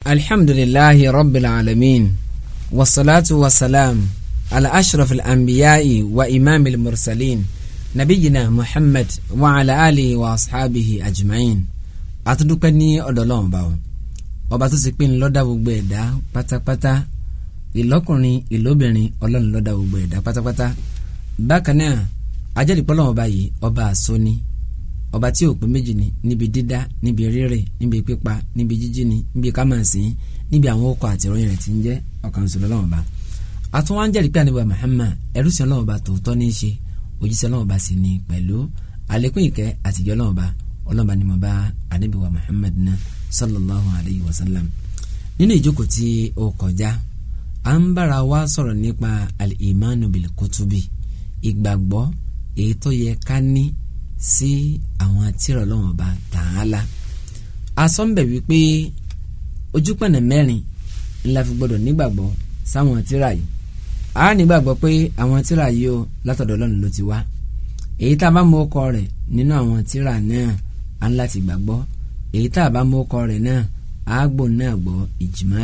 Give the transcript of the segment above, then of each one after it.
alhamdulilahi rabbil alamin wasalaatu wasalaam ala ashraf al-anbiya'i wa imaam al-mursalin nabiyina muhammad wa ala alihi wa ashabihi ajma'in atudukpẹ ní ọdọlọmọba o ọba tó ti pín lọ́dà gbogbo ẹ̀dá pátápátá ìlọ́kùnrin ìlóbìnrin ọlọ́run lọ́dà gbogbo ẹ̀dá pátápátá bákan náà ajẹ́rìí pé Ọlọ́run ọba yìí ọba ọba tí ò pé méjì ni níbi dídá níbi rírè níbi pípa níbi jíjíni níbi kámàsí níbi àwọn ọkọ àti ìròyìn rẹ̀ ti ń jẹ́ ọ̀kan ṣoṣo lọ́wọ́ bá àtún wá ń jẹ́rìí pé àníbà Muhammad ẹrú sí ọlọ́wọ́ bá tòótọ́ ní í ṣe òjíṣẹ́ ọlọ́wọ́ bá sì ní pẹ̀lú àlékún ìkẹ́ àtijọ́ ọlọ́wọ́ bá ọlọ́wọ́ bá ni mo bá àníbà Muhammad náà sallallahu alayhi wa sallam nínú ìjókòó tí ó kọjá à ń bára wa sọ̀rọ̀ nípa al-imanu bil kutubi ìgbàgbọ́ èyí tó yẹ ká ní sí àwọn àtìrọ̀ ọlọ́run ọba tààlà asọ́nbẹ̀ wípé ojúpọ̀nà mẹ́rin ńlá fi gbọ́dọ̀ nígbàgbọ́ sáwọn àtìrà yìí a nígbàgbọ́ pé àwọn àtìrà yìí ó látọ̀dọ̀ ọlọ́run ló ti wá èyí tá a bá mú ọkọ rẹ̀ nínú àwọn àtìrà náà á ń láti gbàgbọ́ èyí tá a bá mú ọkọ rẹ̀ náà àágbò náà gbọ́ ìjìmọ̀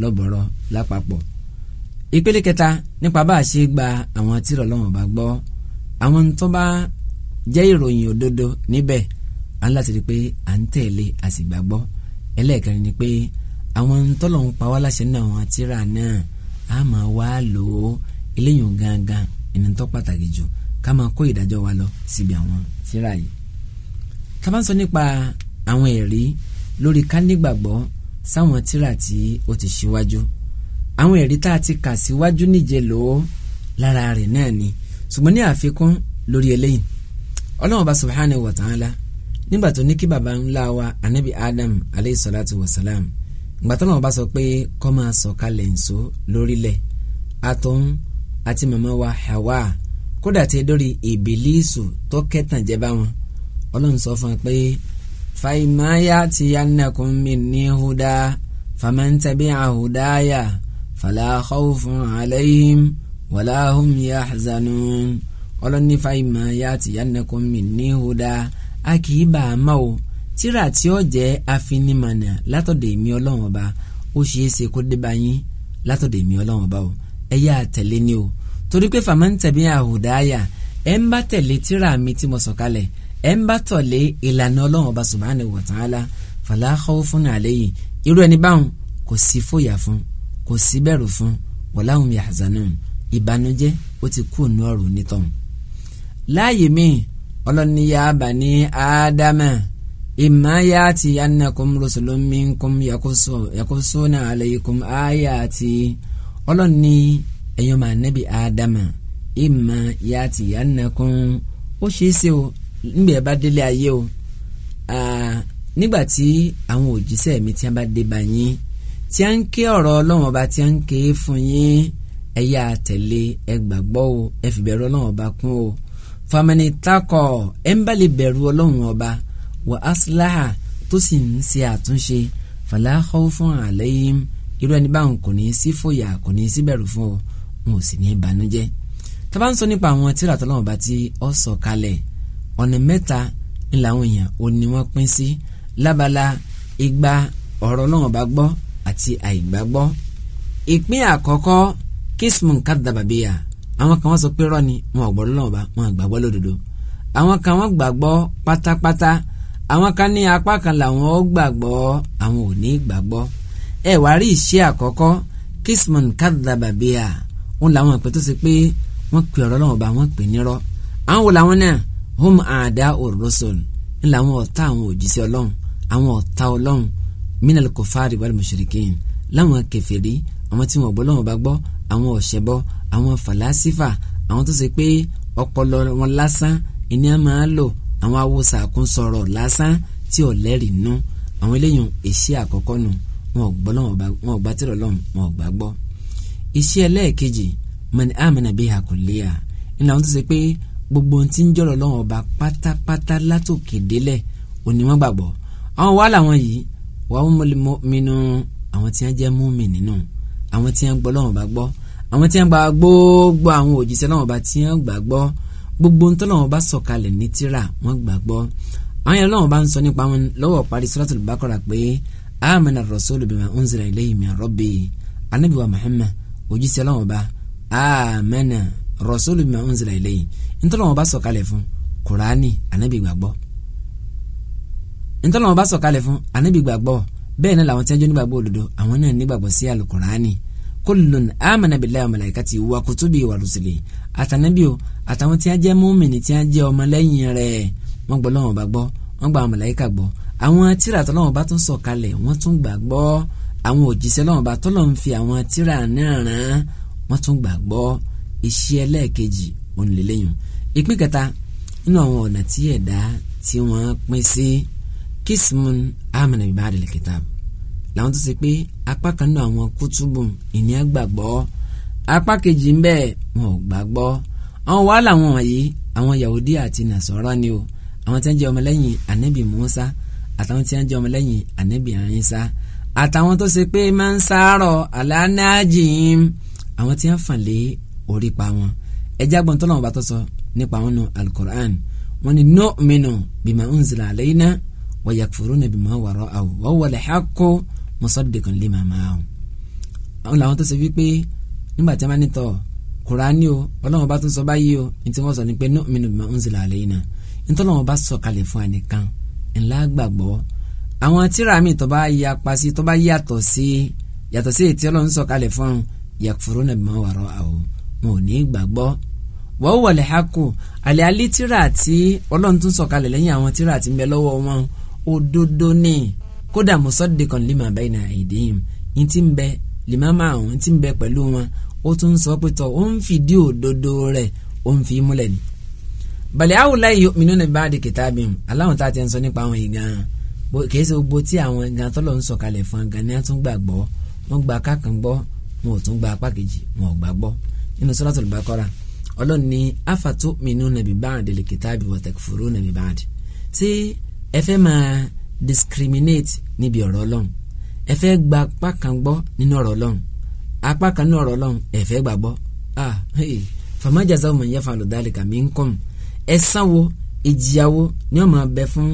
lọ́bọ̀rọ̀ lápapọ̀ ìpele kẹta nípa bá a ṣe gba àwọn àtìrà ọlọ́run ọba gbọ́ àwọn tó bá jẹ́ ìròyìn òdodo níbẹ̀ à ń láti rí i pé à ń tẹ̀lé àsìgbàgbọ́ ẹlẹ́ẹ̀kẹrin ni pé àwọn tọ́lọ́hún pa wá láṣẹ náà àwọn àtìrà náà a máa wá lò ó eléyìí gangan ìní tó pàtàkì jù ká máa kó ìdájọ́ wa lọ síbi àwọn tírà yìí. ká ń sọ nípa àwọn ẹ̀rí lórí ká nígbàgbọ́ sáwọn tírà tí ó ti ṣíwájú àwọn ẹ̀rí tá a ti kà síwájú níjẹ lò ó lára rẹ̀ náà ni ṣùgbọ́n ní àfikún lórí eléyìí ọlọ́run bá subhanahu wa ta'ala nígbà tó ní kí baba ńlá wa anabi adam aleyhi salatu wa salam ìgbà tó náà bá sọ pé kó máa sọ̀kalẹ̀ nsó lórílẹ̀ atọ́n àti màmá wa hawa kódà tí dórí ìbílísù tó kẹtàn jẹ bá wọn ọlọ́run sọ fún wa pé fàìmáyà ti yánnakùn minni huda fàmẹ́ntẹ́bí àhùdáyà fala khawfun alayhim wala hum yahzanun ọlọ́nífà ìmọ̀ ya ti yá nìkan mi ní hódà a kì í bà á mọ́ o tíra tí ó jẹ́ afinimọ̀nà látọ̀dọ̀ èmi ọlọ́run ọba ó ṣeé ṣe kó dé bá yín látọ̀dọ̀ èmi ọlọ́run ọba o ẹ yá àtẹ̀lé ni o torí pé fàmọ́ ń tẹ̀bí àhùdá àyà ẹ ń bá tẹ̀lé tíra mi tí mo sọ̀kalẹ̀ ẹ ń bá tọ̀lé ìlànà ọlọ́run ọba subhanahu wa ta'ala fala khawfun alayhi irú ẹni báwọn kò sí fòyà fún kò sí bẹ̀rù fún wala hum yahzanun ìbànújẹ́ ó ti kú ònú ọ̀rọ̀ onítọ̀hún láàyè mi ọlọ́ni ya bani ádámà imma ya'tiyannakum rusulun minkum yaqussuna alaykum ayati ọlọ́ni ẹ̀yọ́ máa nẹ́bi ádámà imma ya'tiyannakum ó ṣeé ṣe o nígbà ẹ bá délé ayé o nígbà tí àwọn òjíṣẹ́ mi tí a bá dé bá yín tí a ń ké ọ̀rọ̀ ọlọ́wọ́n ọba tí ń ké fún yín ẹ yá tẹ̀lé gbàgbọ́ o ẹ fìbẹ̀rù ọlọ́wọ́n ọba kún o famani takọ ẹnbàlẹ bẹ̀rù Ọlọ́run ọba wà asíláhà tó sì ń ṣe àtúnṣe fàlàkọ fún àlẹyìn irú ẹni báwọn kò ní í sí fòyà kò ní í sí bẹ̀rù fún ọ wọn ò sì ní í banújẹ́ tábà ń sọ nípa àwọn tírà tọ́lọ́run ọba tí ọ sọ kalẹ̀ ọ̀nà mẹ́ta ń làwọn èèyàn ò ní wọ́n pín sí lábala igba ọ̀rọ̀ náà bá gbọ́ àti àìgbàgbọ́ ìpín àkọ́kọ́ kismun kadababia àwọn kan wọ́n sọ pé rọ́ ni wọn ò gbọ́ lọ́wọ́ bá wọn gbàgbọ́ lódodo àwọn kan wọ́n gbàgbọ́ pátápátá àwọn kan ní apá kan làwọn ó gbàgbọ́ àwọn ò ní gbàgbọ́ ẹ wá rí ìṣe àkọ́kọ́ kisman kadababia wọn làwọn ìpè tó ṣe pé wọ́n pè ọ̀rọ̀ lọ́wọ́ bá wọ́n pè nírọ́ àwọn wò làwọn náà hum ada orosun, ní làwọn ọ̀tá àwọn òjíṣẹ́ ọlọ́run àwọn ọ̀tá ọlọ́run minal kofari wal mushrikin láwọn kèfèrí àwọn tí wọn gbọ́ lọ́wọ́ bá gbọ́ àwọn ọ̀ṣẹ̀bọ àwọn fàlásífà àwọn tó ṣe pé ọpọlọ wọn lásán ìní àmà á lò àwọn awòsàn àkúnsọ̀rọ̀ lásán tí ò lẹ́rìí nú àwọn eléyìí iṣẹ́ àkọ́kọ́ nù wọn ò gbọ́ lọ́wọ́ wọn ò gbá tìrọ̀ lọ́wọ́ wọn ò gbá gbọ́ iṣẹ́ ẹlẹ́ẹ̀kejì mọ̀ni àmàna bíi àkùlẹ́yà ńlá wọn tó ṣe pé gbogbo ohun tí ń jọ̀rọ̀ lọ́wọ́ ọba pátápátá látòkè délẹ̀ òní wọn gbàgbọ́ àwọn wàhálà wọn yìí wàá mọ̀lẹ́mọ́mínú àwọn tí wọ́n jẹ́ mọ́mìn nínú àwọn tí wọ́n gbọ́ lọ́wọ́ bá gbọ́ àwọn tí wọ́n gba gbogbo àwọn òjíṣẹ́ lọ́wọ́ bá tí wọ́n gbà gbọ́ gbogbo ntọ́ lọ́wọ́ bá sọ̀kalẹ̀ ní tírà wọ́n gbà gbọ́ àwọn yẹn lọ́wọ́ bá ń sọ nípa wọn lọ́wọ́ parí Suratul Baqara pé amana ar-rasulu bima unzila mi min rabbihi anabi wa Muhammad òjíṣẹ́ lọ́wọ́ bá amana ar-rasulu bima unzila ilayhi ntọ́ lọ́wọ́ bá sọ̀kalẹ̀ fún Kùránì anabi gbàgbọ́ ntọ́ lọ́wọ́ bá sọ̀kalẹ̀ fún anabi gbàgbọ́ bẹ́ẹ̀ náà làwọn tí wọ́n jẹ́ onígbàgbọ́ òdodo àwọn náà nígbàgbọ́ sí alukurani Kulun amana billahi wa malaikati wa kutubi wa rusuli àtànábì o àtàwọn tí a jẹ́ mùmínì tí a jẹ́ ọmọlẹ́yìn rẹ̀ wọ́n gbọ́ lọ́wọ́ bá gbọ́ wọ́n gba màláíkà gbọ́ àwọn tíra tọ́lọ́wọ́ bá tún sọ̀kalẹ̀ wọ́n tún gbà gbọ́ àwọn òjíṣẹ́ lọ́wọ́ bá tọ́lọ́ ń fi àwọn tíra náà rán tún gbà gbọ́ iṣẹ́ ẹlẹ́ẹ̀kejì òǹlẹ́lẹ́yìn ìpín kẹta nínú àwọn ọ̀nà tí ẹ̀dá tí wọ́n pín sí kismun amana bíbá àdìlẹ̀ kìtàbù làwọn tó ṣe pé apá kan náà àwọn kútùbù ìní àgbàgbọ́ apá kejì ń bẹ́ẹ̀ wọn ò gbàgbọ́ àwọn wàá làwọn wọ̀nyí àwọn Yahudi àti Nasara ni o àwọn tí wọ́n jẹ́ ọmọlẹ́yìn anabi Musa àtàwọn tí wọ́n jẹ́ ọmọlẹ́yìn anabi Isa àtàwọn tó ṣe pé máa ń sáárọ̀ aláàájìn àwọn tí wọ́n fàn lé orí pa wọn ẹjẹ́ agbọ̀n tọ́lọ́wọ́n bá tó sọ nípa wọn nù al wọn ni nu'minu bima unzila alayna wa yakfuruna bima wara'ahu wa huwa al-haqqu musaddiqan lima ma'ahum. àwọn làwọn tó ṣe wípé nígbà tí a máa ní tọ̀ kùránì o ọlọ́run bá tún sọ báyìí o ní wọ́n sọ ni pé nu'minu bima unzila alayna ntọ́lọ́wọ́n bá sọ kalẹ̀ fún ẹnìkan ńlá gbàgbọ́ àwọn tíra mi tó bá yapa sí tó bá yàtọ̀ sí yàtọ̀ sí ètí ọlọ́run sọ kalẹ̀ fún un yakfuruna bima wara'ahu wọn ò ní gbàgbọ́ wọ́n wọlé hako àlẹ́ alẹ́ tíra àti ọlọ́run tún sọ kalẹ̀ lẹ́yìn àwọn tíra àti ń bẹ lọ́wọ́ wọn òdodo ni kódà musaddiqan lima bayna aydihim ní ti ń bẹ lima ma'ahum ní ti ń bẹ pẹ̀lú wọn ó tún sọ pé tọ́ ó ń fìdí òdodo rẹ̀ ó ń fi múlẹ̀ ni. bàlẹ́ àwòlá yìí yu'minuna bi ba'di kitabihim aláwọn tá a ti ń sọ nípa àwọn yìí gan-an kì í ṣe gbogbo tí àwọn gan tọ́lọ̀ ń sọ̀kalẹ̀ fún gan ni a tún gbàgbọ́ wọ́n gba apá gbọ́ wọn ò tún gba apá kejì wọn ò gbà gbọ́ nínú Suratul discriminate níbi ọ̀rọ̀ ọlọ́run ẹ fẹ́ gba apá kan gbọ́ nínú ọ̀rọ̀ ọlọ́run apá kan nínú ọ̀rọ̀ ọlọ́run ẹ fẹ́ gbà gbọ́ ah hey famajaza ọmọ ìyá fan lọ́dàlẹ̀ kàmí ń kọ́m ẹ sanwó ìjìyàwó ni ó máa bẹ fún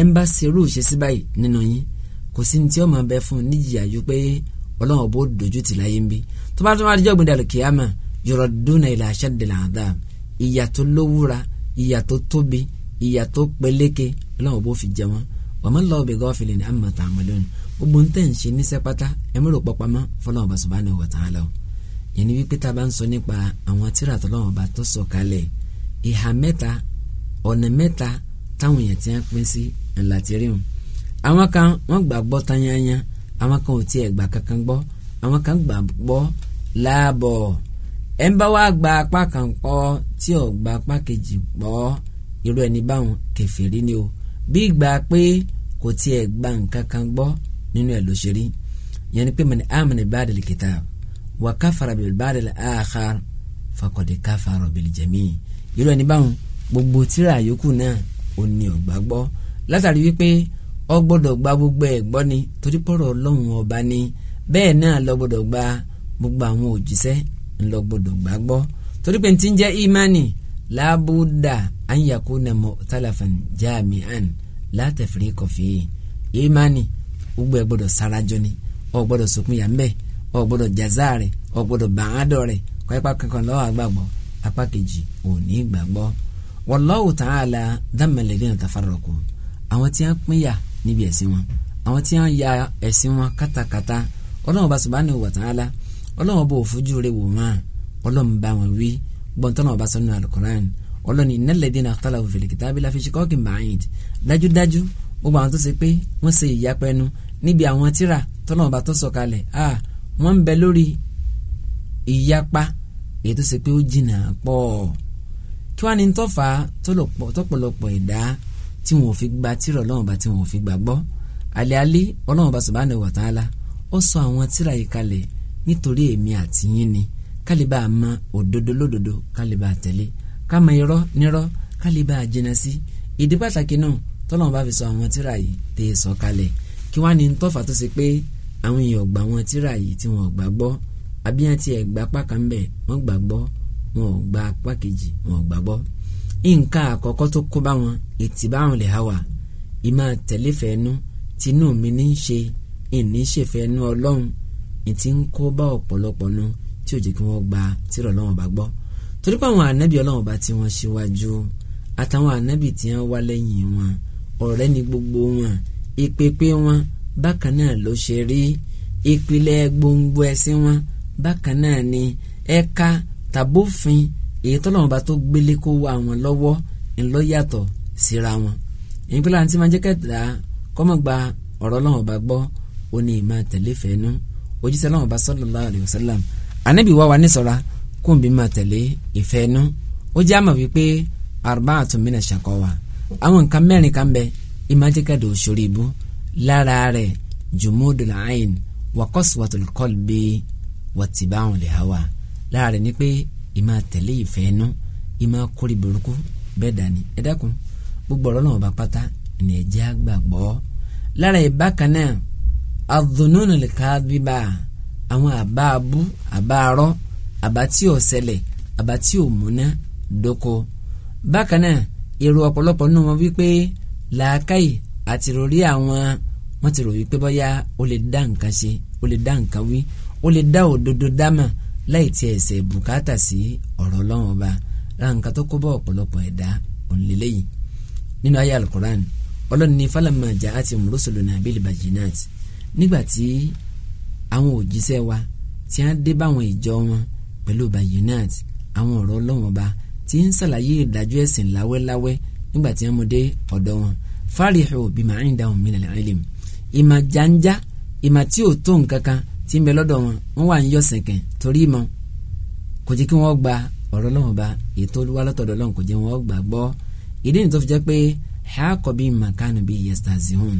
ẹmbàsí irú ìṣesí báyìí nínú yín kò sí ní tí ó máa bẹ fún níjìyàjú pé ọlọ́run ọ̀bọ dojú ti láyé ń bí tó bá tó bá dijọ́ gbẹdàlù kìámà yọ̀rọ̀ dúnà ìlà àṣẹ dèlà àdá ìyà tó lówúra tóbi ìyà tó ọlọ́run ọ̀bọ fi jẹ wọ́n wàmọ́ lọ́wọ́ bí gọ́ọ̀fìlì ní àmọ́ tààmọ́lónì gbogbo ń tẹ̀ ń ṣe níṣẹ́ pátá ẹ mọ̀rọ̀ pọpamọ́ fọlọ́wọ́ subhanahu wa ta'ala o yẹn ni wípé tá a bá ń sọ nípa àwọn tíra tọ́lọ́wọ́ bá tó sọ kalẹ̀ ìhà mẹ́ta ọ̀nà mẹ́ta táwọn èèyàn ti ń pín sí ńlá ti rí wọn. àwọn kan wọ́n gbà gbọ́ tanyanya àwọn kan ò tiẹ̀ gbà kankan gbọ́ àwọn kan gbà gbọ́ láàbọ̀ ẹ̀ ń bá wá gba apá kan pọ̀ tí ò gba apá kejì pọ̀ irú ẹni báwọn kèfèrí ni o bí ìgbà pé kò tiẹ̀ gba nǹkan kan gbọ́ nínú ẹ̀ ló ṣe rí yẹn ni pé mọ̀ ní amana ba'dal kitab wa kafara bil ba'dal akhar faqad kafara bil jami' irú ẹni báwọn gbogbo tíra yòókù náà ò ní ọ̀gbà gbọ́ látàrí wípé ọ gbọ́dọ̀ gba gbogbo ẹ̀ gbọ́ ni torí pọ̀rọ̀ ọlọ́run ọba ni bẹ́ẹ̀ náà lọ gba gbogbo àwọn òjíṣẹ́ ńlọ gbà gbọ́ torí pé ti ń jẹ́ ìmánì lábúdà an yakuna mu'talafan jami'an la tafriqa fihi ìmánì gbogbo ẹ gbọ́dọ̀ sarajọ ni ọ gbọ́dọ̀ sọkún yà mbẹ ọ gbọ́dọ̀ jaza rẹ ọ gbọ́dọ̀ bàádọ rẹ kọ ipa kankan lọ́wọ́ àgbàgbọ́ apá kejì ò ní gbàgbọ́ wallahu ta'ala dhammal ladina tafarraqu àwọn tí wọ́n pín yà níbi ẹ̀sìn wọn àwọn tí wọ́n ya ẹ̀sìn wọn kátakátá Ọlọ́hun bá subhanahu wa ta'ala Ọlọ́hun bó fojú rẹ̀ wò wọ́n Ọlọ́hun bá wọn wí gbọ́ntọ́nà ọba sọ́nù al ọlọ́ni innal-ladhina ikhtalafu fil-kitabi la fi shiqaqin ba'id dájúdájú gbogbo àwọn tó ṣe pé wọ́n ṣe ìyapẹnu níbi àwọn tíra tọ́nà ọba tó sọ̀kalẹ̀ a wọ́n ń bẹ lórí ìyapa èyí tó ṣe pé ó jìnnà pọ̀ kí wàá ní tọ́fà tọ́pọ̀lọpọ̀ ẹ̀dá tí wọn ò fi gba tíra ọlọ́run ọba tí wọn ò fi gbàgbọ́ àlẹ́ alẹ́ ọlọ́run ọba subhanahu wa ta'ala ó sọ àwọn tíra yìí kalẹ̀ Kama mọ irọ́ nírọ́ ká lè bá a jìnnà sí ìdí pàtàkì náà tọ́lọ́run bá fi sọ àwọn tíra yìí tẹ́ ẹ sọ kalẹ̀ kí wọ́n á ní tọ́fà tó ṣe pé àwọn èèyàn gbà wọn tíra yìí tí wọn ò gbà gbọ́ àbí wọn tiẹ̀ gba apá kan bẹ̀ wọ́n gbà gbọ́ wọn gba apá kejì wọn gbà gbọ́ nǹkan àkọ́kọ́ tó kó bá wọn ìtìbáhùn lè háwà ìmọ̀ tẹ̀léfẹ̀ẹ́nu tinú mi ní í ṣe ìní ṣèfẹ́ẹ́nu ọlọ́run ìtì ń kó bá ọ̀pọ̀lọpọ̀ nu tí ò kí wọ́n gba tírọ̀ lọ́wọ́ bá gbọ́ torí pé àwọn ànábì ọlọ́run bá tí wọ́n ṣíwájú àtàwọn ànábì tí wọ́n wá lẹ́yìn wọn ọ̀rẹ́ ni gbogbo wọn ìpèpè wọn bákan náà ló ṣe rí ìpìlẹ̀ gbòǹgbò ẹ̀sìn wọn bákan náà ni ẹ̀ka tàbófin èyí tọ́lọ́run bá tó gbélé kó wá wọn lọ́wọ́ ńlọ́yàtọ̀ síra wọn èyí pẹ́lú àti máa jẹ́ kẹ́tà kọ́mọ̀ ọ̀rọ̀ ọlọ́run bá gbọ́ ó ìmọ̀ àtẹ̀lé fẹ́ẹ́ nú òjíṣẹ́ ọlọ́run bá sallallahu alaihi wasallam ànábì wá wa ní ṣọ́ra kóun bí máa tẹ̀lé ìfẹ́ inú ó jẹ́ àmọ̀ wípé arba'atun mina shaqawa àwọn nǹkan mẹ́rin kan bẹ ìmájẹ́kẹ̀dẹ̀ òṣòro ìbú lára rẹ̀ jumudul ayn wa qaswatul qalbi wa ittiba'ul hawa lára rẹ̀ ni pé ìmá tẹ̀lé ìfẹ́ inú ìmá kórè burúkú bẹ́ẹ̀ dání ẹ dákun gbogbo ọ̀rọ̀ náà ọba pátá ní ẹ̀jẹ̀ àgbàgbọ́ lára ìbákan náà adhununul kadhiba àwọn àbá abú àbá arọ́ àbá tí ò ṣẹlẹ̀ àbá tí ò múná dóko bákan náà èrò ọ̀pọ̀lọpọ̀ nínú wọn wípé làákàyè àti ròrí àwọn wọn ti rò wípé bóyá ó lè dá nǹkan ṣe ó lè dá nǹkan wí ó lè dá òdodo dámà láì tí ẹsẹ̀ bùkátà sí ọ̀rọ̀ ọlọ́run ọba ra nǹkan tó kó bá ọ̀pọ̀lọpọ̀ ẹ̀dá òǹlẹ́lẹ́yìn nínú ayé alukoran ọlọ́run ní fálàmà jà àti mùrùsùlùmí abẹ́lì bàjínàt nígbà tí àwọn òjíṣẹ́ wa tí wọ́n dé báwọn ìjọ wọn pẹ̀lú bayonat àwọn ọ̀rọ̀ ọlọ́wọ́n ọba tí ń ṣàlàyé ìdájọ́ ẹ̀sìn láwẹ́láwẹ́ nígbà tí wọ́n mú dé ọ̀dọ̀ wọn fáríhù bímọ àyíndàhùn minal ilm ìmọ̀ jàǹjà ìmọ̀ tí ò tó nǹkankan tí ń bẹ lọ́dọ̀ wọn wọ́n wà ń yọ sẹ̀kẹ̀ torí ìmọ̀ kò jẹ́ kí wọ́n gba ọ̀rọ̀ Ọlọ́hun ba ètò olúwa lọ́tọ̀dọ̀ Ọlọ́hun kò jẹ́ wọ́n gbà gbọ́ ìdí nìtọ́ fi jẹ́ pé hàákọ́ màkánù bíi yastazihun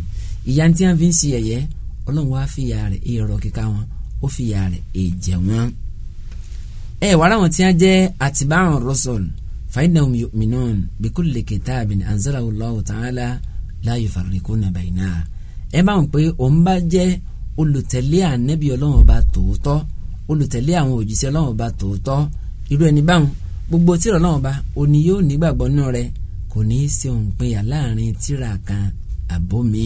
ẹ wàrà wọn tí wọn jẹ́ àtibáwọn rọ́sọ̀lù fainahum yu'minun bikulli kitabin anzalahu Allahu ta'ala la yufarriquna bainaha ẹ bá wọn pé òun bá jẹ́ olùtẹ̀lé ànẹ́bí ọlọ́run ọba tòótọ́ olùtẹ̀lé àwọn òjíṣẹ́ ọlọ́run ọba tòótọ́ irú ẹni báwọn gbogbo tírà ọlọ́run ọba òní yóò nígbàgbọ́ nínú rẹ̀ kò ní í ṣe òun pé láàrin tírà kan àbómi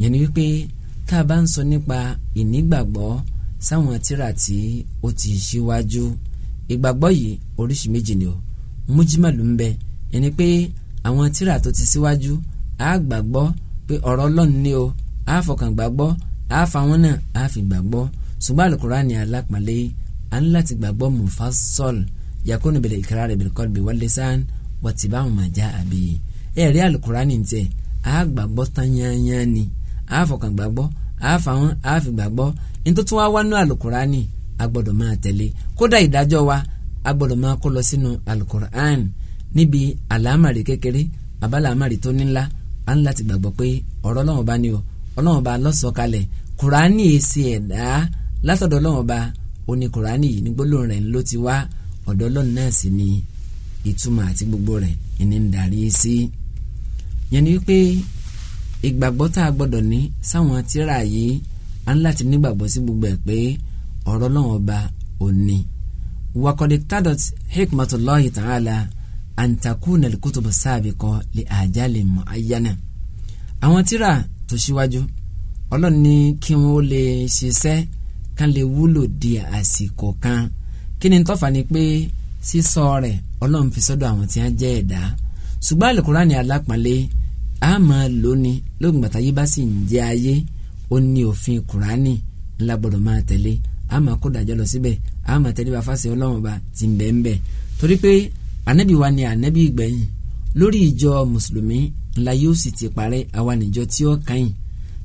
yẹn ni wípé tá a bá ń sọ nípa ìnígbàgbọ́ sáwọn tíra tí ó ti ṣíwájú ìgbàgbọ́ yìí oríṣi méjì ni o mújímàlú ń bẹ ẹni pé àwọn tíra tó ti ṣíwájú á gbàgbọ́ pé ọ̀rọ̀ ọlọ́run ni o á fọkàn gbàgbọ́ á fáwọn náà á fi gbàgbọ́ ṣùgbọ́n àlùkùránì alápàlẹ́ à ń láti gbàgbọ́ mufassal yakunu bil iqrar bil qalbi wal lisan wàtíbáwọn máa já àbí ẹ̀rí àlùkùránì ń tẹ̀ á gbàgbọ́ tán ni á fọkàn gbàgbọ́ àáfàwọn àáfìgbàgbọ́ nítòtún wá wánú alukurani agbọ́dọ̀ máa tẹ̀lé kódà ìdájọ́ wa agbọ́dọ̀ máa kó lọ sínú alukurani níbi àlámàrí kékeré àbálàmàrí tó nílá à ń láti gbàgbọ́ pé ọ̀rọ̀ Ọlọ́run bá ní o Ọlọ́run bá ló sọ kalẹ̀ kùránì èsì ẹ̀dá látọ̀dọ̀ Ọlọ́run bá o ní kùránì yìí ní gbólóhùn rẹ̀ ló ti wá ọ̀dọ̀ Ọlọ́run náà sì ni ìtumọ̀ àti gbogbo rẹ̀ ìní ń darí sí. yẹn ni wípé ìgbàgbọ́ tá a gbọ́dọ̀ ní sáwọn tíra yìí á ń láti nígbàgbọ́ sí gbogbo ẹ̀ pé ọ̀rọ̀ Ọlọ́run ọba òní. wakọ̀dé tadot hikmatullahi ta'ala antakuna likutubu sábìkọ li àjálè mọ̀ ayánà. àwọn tíra tó ṣíwájú Ọlọ́run ní kí wọ́n lè ṣiṣẹ́ kan lè wúlò di àsìkò kan kí ni tọ́fà ni pé sísọ rẹ̀ Ọlọ́run fi sọ́dọ̀ àwọn tí wọ́n jẹ́ ẹ̀dá ṣùgbọ́n àlùkùránì ama máa lò ní lóògùn bàtà yìí bá sì ń jẹ ayé ó ní òfin kùránì ńlá gbọ́dọ̀ máa tẹ̀lé a máa kó dàjọ́ lọ síbẹ̀ a máa tẹ̀lé bá fásitì ọlọ́run bá ti ń bẹ́ẹ̀ bẹ́ẹ̀ torí pé ànábì wa ni ànábì gbẹ̀yìn lórí ìjọ mùsùlùmí ńlá yóò sì ti parẹ́ àwa níjọ tí ó kàn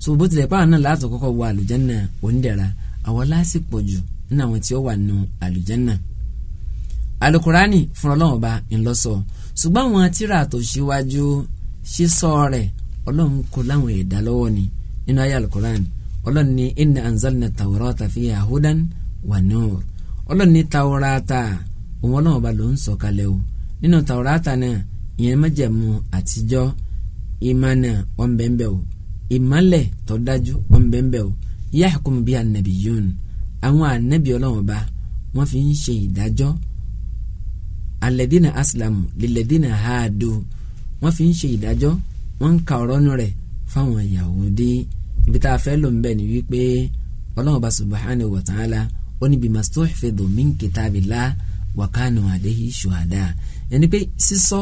so bó tilẹ̀ pààrọ̀ náà láti kọ́kọ́ wọ àlùjánà òǹdẹ̀ra àwọn lásìkò jù nínú àwọn tí ó wà nù àlùjánà alukurani fún ọlọ́run ọba ńlọ́sọ ṣùgbọ́n àwọn tíra tó sísọ rẹ̀ ọlọ́run kò láwọn ẹ̀dá lọ́wọ́ ni nínú ayé alukoran ọlọ́run ní inna anzalna tawrata fiha hudan wa nur ọlọ́run ní tawrata òun ọlọ́run ọba ló ń sọ kalẹ̀ o nínú tawrata náà ìyẹn májẹ̀mú àtijọ́ ìmánà ọ̀nbẹ̀nbẹ̀ o ìmálẹ̀ tó dájú ọ̀nbẹ̀nbẹ̀ o yahkum biha an-nabiyyun àwọn ànábì ọlọ́run ọba wọ́n fi ń ṣe ìdájọ́ alladhina aslamu lilladhina hadu wọ́n fi ń ṣe ìdájọ́ wọ́n ń ka ọ̀rọ̀ nù rẹ̀ fáwọn Yahudi ibi tá a fẹ́ lò ń bẹ̀ ni wípé ọlọ́run bá subhanahu wa ta'ala ó níbi mastuhfidhu min kitabillah wa kanu alayhi shuhada ẹni pé sísọ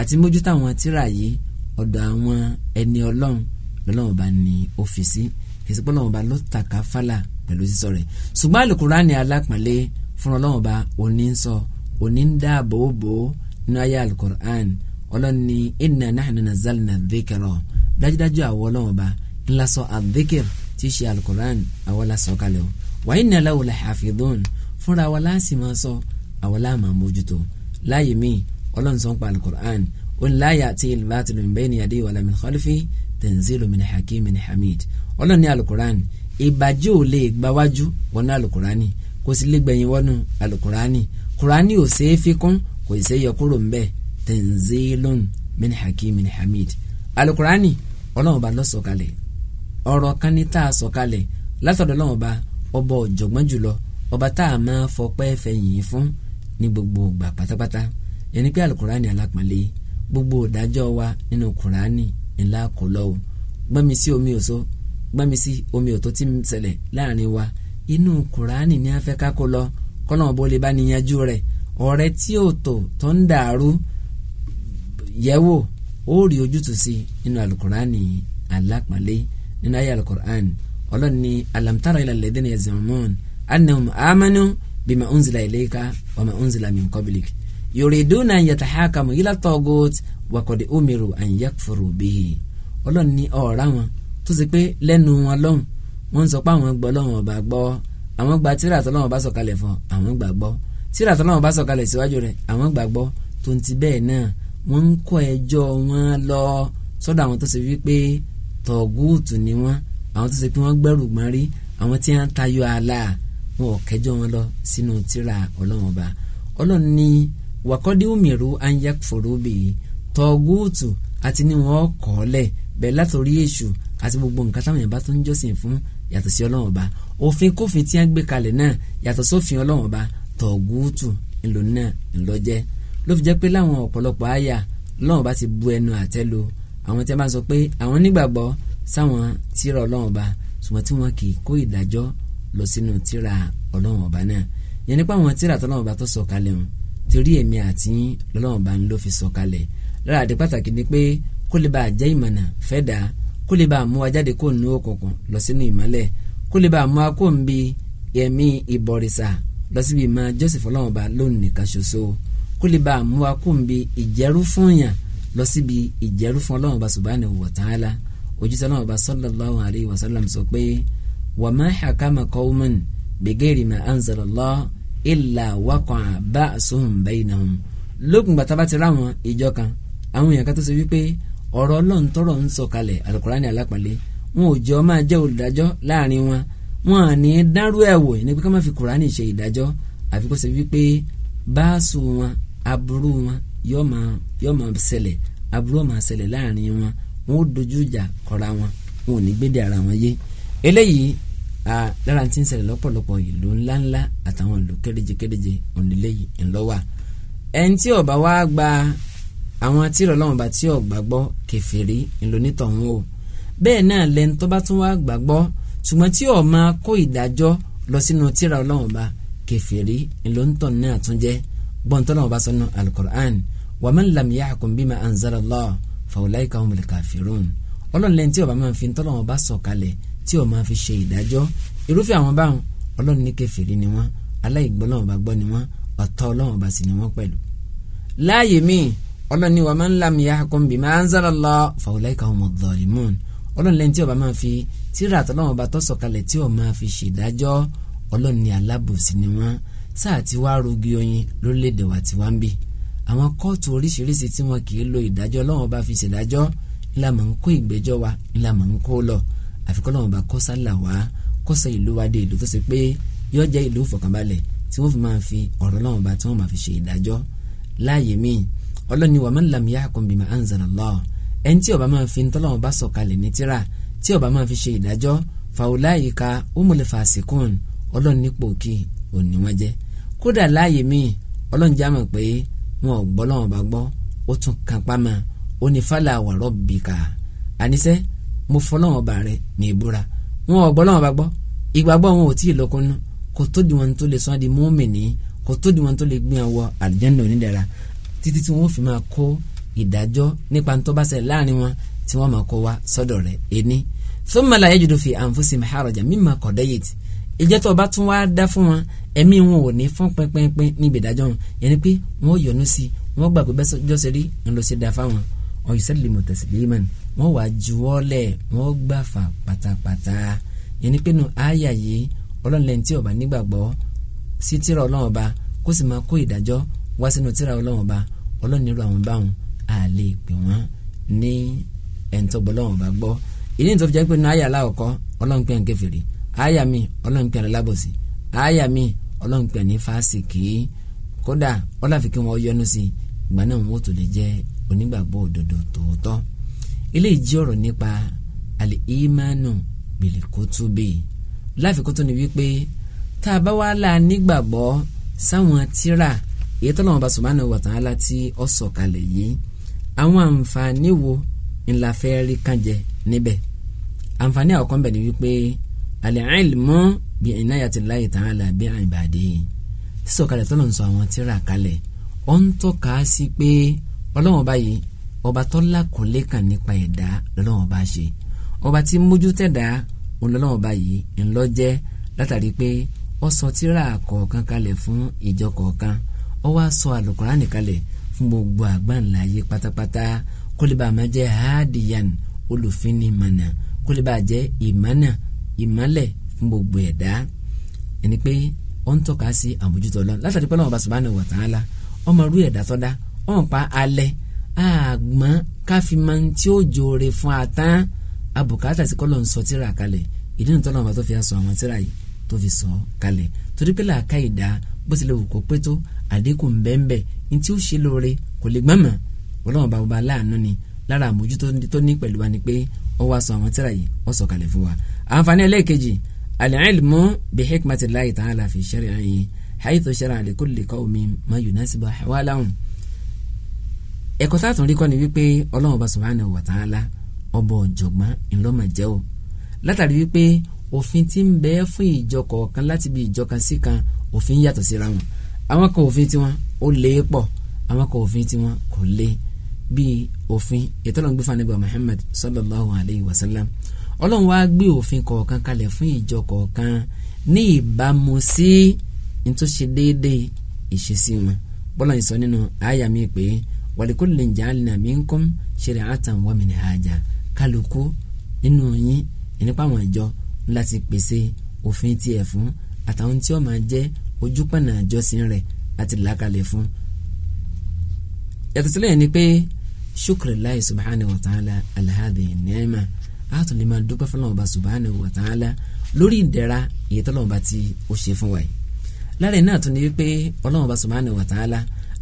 àti mójútó àwọn tírà yìí ọ̀dọ̀ àwọn ẹni ọlọ́run lọ́lọ́run bá ní ọ́fíìsì kìí sọ́kọ́ lọ́wọ́ bá ló tàka fálà pẹ̀lú sísọ rẹ̀ ṣùgbọ́n alukurani alápọ̀nlé fún ọlọ́wọ́ bá onísọ onídàbòbò nínú ayé alukurani ọlọ́ni inna nahnu nazzalna dhikra dájúdájú àwọn ọlọ́run ọba ńlá sọ adhikr tí í ṣe alukoran àwọn la sọ kalẹ̀ o wa inna lahu lahafidhun fúnra wa láàsì máa sọ àwọn láàmà mójútó láàyè mí ọlọ́run sọ ń pa alukoran ó ní láàyè àti ìlúbátìlú bayni yadayhi wala min khalfi tanzilu min hakimin hamid ọlọ́run ní alukoran ìbàjẹ́ ò lè gbáwájú wọnú alukurani kò sì lè gbẹ̀yìn wọnú alukurani kurani ò ṣeé fi kò sì yọ kúrò ńbẹ̀ tẹ̀nzélọ́n min hakimin hamid alukurani ọlọ́run ọba ló sọ̀kalẹ̀ ọ̀rọ̀ kan ní tá a sọ̀kalẹ̀ látọ̀dọ̀ ọlọ́run ọba ọba ọ̀jọ̀gbọ́n jùlọ ọba tá a máa fọpẹ́ fẹ̀yìn fún ní gbogbo ìgbà pátápátá yẹnni pé alukurani alápọ̀nlé gbogbo ìdájọ́ wa nínú kurani ńlá kò lọ́wọ́ gbọ́nmi sí omi òso gbọ́nmi sí omi òtó tí ń ṣẹlẹ̀ láàrin wa inú kurani ní afẹ́ kákó lọ kọ́nà ọ̀bọ lè bá níyanjú rẹ̀ ọ̀rẹ́ tí ò tò tó ń dàrú yẹ̀ wò ó rí ojútùú sí nínú alukurani alápàlẹ́ nínú ayé alukurani ọlọ́run ní alamtara ilà lẹ́dínà yazumun annahum amanu bima unzila ilayka wa unzila min qablik yuriduna yatahakamu ila tagut wakodi umiru an yakfuru bihi ọlọ́run ní ọ̀ọ́rá wọn tó ṣe pé lẹ́nu wọn lọ́hùn wọ́n ń sọ pé àwọn gbọ́ lọ́hùn ọba gbọ́ àwọn gba tíra tọ́lọ́hùn ọba sọ̀kalẹ̀ fún àwọn gbàgbọ́ tíra tọ́lọ́hùn ọba sọ̀kalẹ̀ síwájú rẹ̀ àwọn gbàgbọ́ tó ń ti bẹ́ẹ̀ náà wọ́n ń kó ẹjọ́ wọn lọ sọ́dọ̀ àwọn tó ṣe wípé tọ̀gúùtù ni wọ́n àwọn tó ṣe pé wọ́n gbẹ́rù gbọ́n rí àwọn tí wọ́n ń tayọ àlà wọn ò kẹjọ́ wọn lọ sínú tírà ọlọ́run ọba ọlọ́run ní wàkọ́dí òmìnirú anyakfòrò bèè tọ̀gúùtù àti ní wọn kọ́ọ̀lẹ̀ bẹ́ẹ̀ látòrí èṣù àti gbogbo nǹkan táwọn yẹn bá tó ń jọ́sìn fún yàtọ̀ sí ọlọ́run ọba òfin kófin tí wọ́n gbé kalẹ̀ náà yàtọ̀ sófin ọlọ́run ọba tọ̀gúùtù ńlò náà ńlọ jẹ́ ló fi jẹ́ pé láwọn ọ̀pọ̀lọpọ̀ àyà lọ́wọ́n bá ti bu ẹnu àtẹ́ lu àwọn tí a bá sọ pé àwọn nígbàgbọ́ sáwọn tírà ọlọ́wọ́n bá ṣùgbọ́n tí wọ́n kì í kó ìdájọ́ lọ sínú tírà ọlọ́wọ́n bá náà yẹn nípa àwọn tírà tọ́lọ́wọ́n bá tó sọ kalẹ̀ wọn torí èmi àti lọ́wọ́n bá ló fi sọ kalẹ̀ lára àdé pàtàkì ni pé kó lè bá a ìmọ̀nà fẹ́ dà kó lè bá a wa jáde kó nù òkùnkùn lọ sínú ìmọ́lẹ̀ kó lè bá a wa kó ń bi ẹ̀mí ìbọ̀rìṣà lọ síbi ìmọ̀ jọ́sìn fọlọ́wọ́n lónìí kan ṣoṣo kó lè bá àmú wa kó n bi ìjẹ́rú fún yàn lọ síbi ìjẹ́rú fún ọlọ́run ọba subhanahu wa ta'ala ojúṣe ọlọ́run ọba sallallahu alayhi wa sallam sọ pé wa ma hakama qawman bighayri ma anzala Allah illa waqa'a ba'suhum baynahum lókun gbàtà bá ti ráwọn ìjọ kan àwọn èèyàn kan tó ṣe wípé ọ̀rọ̀ ọlọ́run tọrọ ń sọ kalẹ̀ alukurani alápàlẹ́ wọn ò jọ máa jẹ́ olùdájọ́ láàrin wọn wọn à ní dárú ẹ̀ ní pé ká má fi kurani ṣe ìdájọ́ àfi kó wípé báàsù wọn aburú wọn yóò máa yóò máa ṣẹlẹ̀ aburú máa ṣẹlẹ̀ láàrin wọn wọn ò dojú ìjà kọra wọn wọn ò ní gbédè ara wọn yé eléyìí lára tí ń ṣẹlẹ̀ lọ́pọ̀lọpọ̀ ìlú ńláńlá àtàwọn ìlú kéréje-kéréje òǹdíléyìí ńlọ́wà ẹni tí ọba wa gba àwọn tí ìrọ̀lọ́wọ́n bá tí ọ̀gbà gbọ́ kẹfìrí ńlonítọ̀hún o bẹ́ẹ̀ náà lẹ́ni tó bá tún wá gbàgbọ́ ṣùgbọ́n tí ọ̀ máa kó ìdájọ́ lọ sínú tíra ọlọ́wọ́n bá kẹfìrí ńlọntọ́ náà tún jẹ́ gbọ́ntọ́ náà bá sọ́nù alukur'an wa man lam yahkum bima anzala Allah fa ulaika humul kafirun ọlọ́run lẹ́yìn tí ó bá máa fi ńtọ́lọ́ wọn bá sọ̀kalẹ̀ tí ó máa fi ṣe ìdájọ́ irúfẹ́ àwọn báwọn ọlọ́run ní kẹfìrí ni wọ́n aláìgbọ́ náà bá gbọ́ ni wọ́n ọ̀tá ọlọ́run bá sì ni wọ́n pẹ̀lú. láàyè míì ọlọ́run ní wa man lam yahkum bima anzala Allah fa ulaika humud zalimun ọlọ́run lẹ́yìn tí ó máa fi tíra ọlọ́run ní alábòsí ni wọ́n sáà tí wàá rogi oyin lórílẹ̀‐èdè wa tí wàá ń bì àwọn kóòtù oríṣiríṣi tí wọn kì í lo ìdájọ́ ọlọ́run bá fi ṣèdájọ́ ńlá mọ̀ ń kó ìgbẹ́jọ́ wa ńlá mọ̀ ń kó lọ àfikún ọlọ́run bá kọ́ sálà wá kọ́sẹ̀ ìlú wa dé ìlú tó ṣe pé yóò jẹ́ ìlú fọkànbalẹ̀ tí wọ́n fi máa fi ọ̀rọ̀ ọlọ́run bá tí wọ́n máa fi ṣe ìdájọ́ láàyè míì ọlọ́ni wa man lam yahkum bima anzala Allah ẹni tí ó bá máa fi ntọ́lọ́wọ́n bá sọ̀kalẹ̀ ní tíra tí ó bá máa fi ṣe ìdájọ́ fa ulaika umul fasikun ọlọ́run nípò kí òní wọn jẹ́ kódà láàyè míì ọlọ́run já mọ̀ pé wọn ò gbọ́ lọ́wọ́n bá gbọ́ ó tún kan pamọ́ ó ní fàlà àwàrọ̀ bì ká àníṣe mo fọ́ lọ́wọ́n bá rẹ ní ìbúra wọn ò gbọ́ lọ́wọ́n bá gbọ́ ìgbàgbọ́ wọn ò tí ì lọ́kùnrin kò tó di wọn tó lè sọ́n di mùmínì kò tó di wọn tó lè gbé wọ àlùjánnà onídàra títí tí wọn ò fi máa kó ìdájọ́ nípa tó bá ṣẹlẹ̀ láàrin wọn tí wọ́n máa kó wa sọ́dọ̀ rẹ̀ ẹni thumma la yajidu fi anfusihim harajan mimma qadayta ìjẹ́ tó o bá tún wá dá fún wọn ẹ̀mí wọn ò ní fún pínpínpín níbi ìdájọ́ wọn yẹn ni pé wọ́n yọ́nú sí wọ́n gbà pé bẹ́sọ̀jọ́ ṣe rí ńlọ sí dá fáwọn ọ̀yọ́ sẹ́lẹ̀ mọ̀ tẹ̀sílẹ́mọ̀ wọ́n wàá juwọ́lẹ̀ wọ́n gbà fà pátápátá yẹn ni pé nu àyà yìí ọlọ́run lẹ́yìn tí ọba nígbàgbọ́ sí tíra ọlọ́run ọba kó sì máa kó ìdájọ́ wá sínú tíra ọlọ́run ọba ọlọ́run irú àwọn báwọn à lè pè wọ́n ní Aya mi ọlọ́nkpẹ́ ní lábòsí aya mi ọlọ́nkpẹ́ ní fásikì kódà ọlọ́fi kí wọ́n yọnu sí ìgbà náà wọ́n tó lè jẹ́ onígbàgbọ́ òdodo tòótọ́ ilé ìjí ọ̀rọ̀ nípa àlè ìmánu bìlìkótóbì láfikún tó ní wípé tá a bá wá la nígbàgbọ́ sáwọn tíra èyí tó lọ́wọ́ bá subhanahu wa ta'ala tí ó sọ̀kalẹ̀ yìí àwọn àǹfààní wo ńlá fẹ́ rí kànjẹ níbẹ̀ àǹfààní àkọ́kọ́ ńbẹ̀ ni wípé al-ilmu bi inayati Allahi ta'ala bi ibadihi sísọ̀kalẹ̀ tọ́lọ̀ ń sọ àwọn tírà kalẹ̀ ó ń tọ́ka sí pé ọlọ́wọ́n báyìí ọba tọ́lá kò lékàn nípa ẹ̀dá lọ́wọ́n bá ṣe ọba tí mójútẹ̀dá ọlọ́wọ́n báyìí ńlọ́jẹ́ látàrí pé ó sọ tírà kọ̀ọ̀kan kalẹ̀ fún ìjọ kọ̀ọ̀kan ó wá sọ àlùkùránì kalẹ̀ fún gbogbo àgbáńlá pátápátá kó máa jẹ́ hadiyan olùfínimànà kó lè bá jẹ́ ìmọ́lẹ̀ fún gbogbo ẹ̀dá ẹni pé ó ń tọ́ka sí àmójútó ọlọ́run látàrí pé ọlọ́run bá subhanahu wa ta'ala ọmọ rú ẹ̀dá tọ́da ọ̀n pa alẹ́ àgbọ̀n káfí máa ń tí ó jòrè fún àtàn abùkátà sí kọ́lọ̀ ń sọ tíra kalẹ̀ ìdí nìtọ́ náà tó fi sọ àwọn tíra yìí tó fi sọ kalẹ̀ torí pé làákà ìdá bó tilẹ̀ wù kó pé tó àdínkù ńbẹ́ńbẹ́ ní tí ó ṣe lóore kò lè gbọ́n mọ́ ọlọ́run bá wọba láàánú ni lára àmójútó tó ní pẹ̀lú wa ni pé ó wá sọ àwọn tíra yìí ó sọ kalẹ̀ fún wa. àǹfààní ẹlẹ́ẹ̀kejì al-ilmu bi hikmatillahi ta'ala fi shar'ihi haythu shara'a li kulli qawmin ma yunasibu ahwalahum. ẹ̀kọ́ táàtún rí kọ́ ni wípé ọlọ́run ọba subhanahu wa ta'ala ọba ọ̀jọ̀gbọ́n ńlọ́mọ̀ jẹ́ o látàrí wípé òfin ti ń bẹ fún ìjọ kọ̀ọ̀kan láti bí ìjọ kan sí kan òfin yàtọ̀ síra wọn àwọn kan òfin tiwọn ó lé pọ̀ àwọn kan òfin tiwọn kò lé bíi òfin ìtọ́lọ́ngbé fanigba Muhammad sallallahu alayhi wa sallam ọlọ́run wá gbé òfin kọ̀ọ̀kan kalẹ̀ fún ìjọ kọ̀ọ̀kan ní ìbámu sí ntúnṣe déédéé ìṣesí wọn bọ́lá ń sọ nínú àyà mi pé walikullin ja'alna minkum shir'atan wa minhaja kálukú nínú yín ìnípa àwọn ìjọ láti pèsè òfin tiẹ̀ fún àtàwọn tí ó máa jẹ́ ojúpọ̀nà àjọsìn rẹ̀ àti làákàlẹ̀ fún yàtọ̀ sílẹ̀ ni pé shukrillahi subhanahu wa ta'ala alahadi nẹ́ẹ̀mà àtún lè máa dúpẹ́ fọlọ́wọ́n bá subhanahu wa ta'ala lórí ìdẹ̀ra èyí tọ́lọ́wọ́n bá ti ó ṣe fún wa yìí lára iná àtún ni wípé ọlọ́wọ́n bá subhanahu wa ta'ala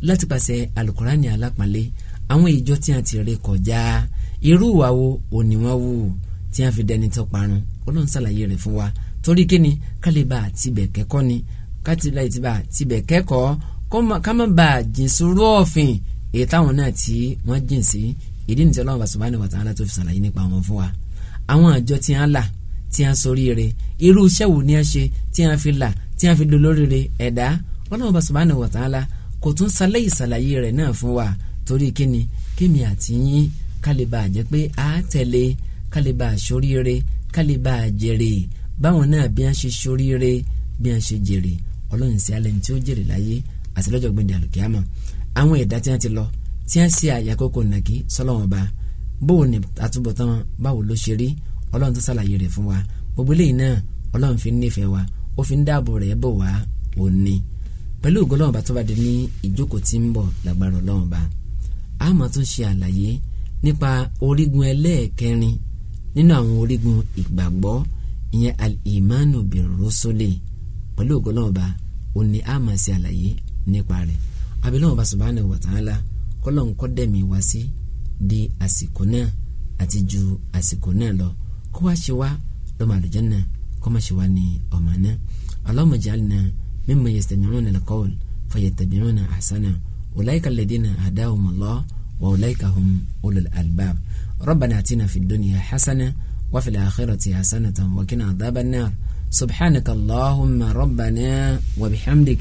láti pàṣẹ alukurani alápàlẹ́ àwọn ìjọ tí a ti ré kọjá irú ìwà wo òní wọn wù tí a fi dẹni tó parun ọlọ́run ṣàlàyé rẹ̀ fún wa torí kíni kálíbà tibẹ̀ kẹ́kọ́ ni kátìlá ìtìbà tibẹ̀ kẹ́kọ̀ọ́ ká má bàa jìn sórú ọ̀fìn èyí táwọn náà tí wọ́n jìn sí ìdí nìtí ọlọ́run subhanahu wa ta'ala tó fi sàlàyé nípa wọn fún wa àwọn àjọ tí wọ́n là tí wọ́n ṣoríire irú iṣẹ́ wo ni wọ́n ṣe tí wọ́n fi là tí wọ́n fi dolóríire ẹ̀dá ọlọ́run subhanahu wa ta'ala kò tún sàlẹ̀ ìsàlàyé rẹ̀ náà fún wa torí kíni kémi àti yín kálíbà jẹ́ pé a tẹ̀lé kálíbà ṣoríire kálíbà jèrè báwọn náà bí wọ́n ṣe ṣoríire bí wọ́n ṣe jèrè ọlọ́run sí alẹ́ ní tí ó jèrè láyé àti lọ́jọ́ gbẹ̀dẹ̀ àlùkìyàmọ̀ àwọn ẹ̀dá tí wọ́n ti lọ tí wọ́n ṣe àyàkókò nàkí sọ́lọ́wọ́n ba bóun ni àtúbọ̀tán báwo ló ṣe rí ọlọ́run tó ṣàlàyé rẹ̀ fún wa gbogbo eléyìí náà ọlọ́run fi ń nífẹ̀ẹ́ wa ó fi ń dáàbò rẹ̀ bò wá òní pẹ̀lú ògo lọ́wọ́n ba tó bá di ní ìjókòó tí ń bọ̀ lágbára ọlọ́run ba a máa tún ṣe àlàyé nípa orígun ẹlẹ́ẹ̀kẹrin nínú àwọn orígun ìgbàgbọ́ ìyẹn al-imanu bi pẹ̀lú ògo ba òní a máa ṣe àlàyé nípa rẹ̀ abilọ́wọ́ bá subhanahu wa ta'ala kọ́lọ̀ ń kọ́ dẹ̀mí wá sí di àsìkò náà àti ju àsìkò náà lọ kó wá ṣe wá lọ́mọ àlùjánnà kó má ṣe wá ní ọ̀mà náà Allahumma ij'alna mimman yastami'una al-qawla fayattabi'una ahsanah ulaika alladhina hadahum Allah wa ulaika hum ulul albab rabbana atina fid dunya hasanah wa akhirati hasanatan wa qina adhaban nar subhanaka Allahumma rabbana wa bihamdik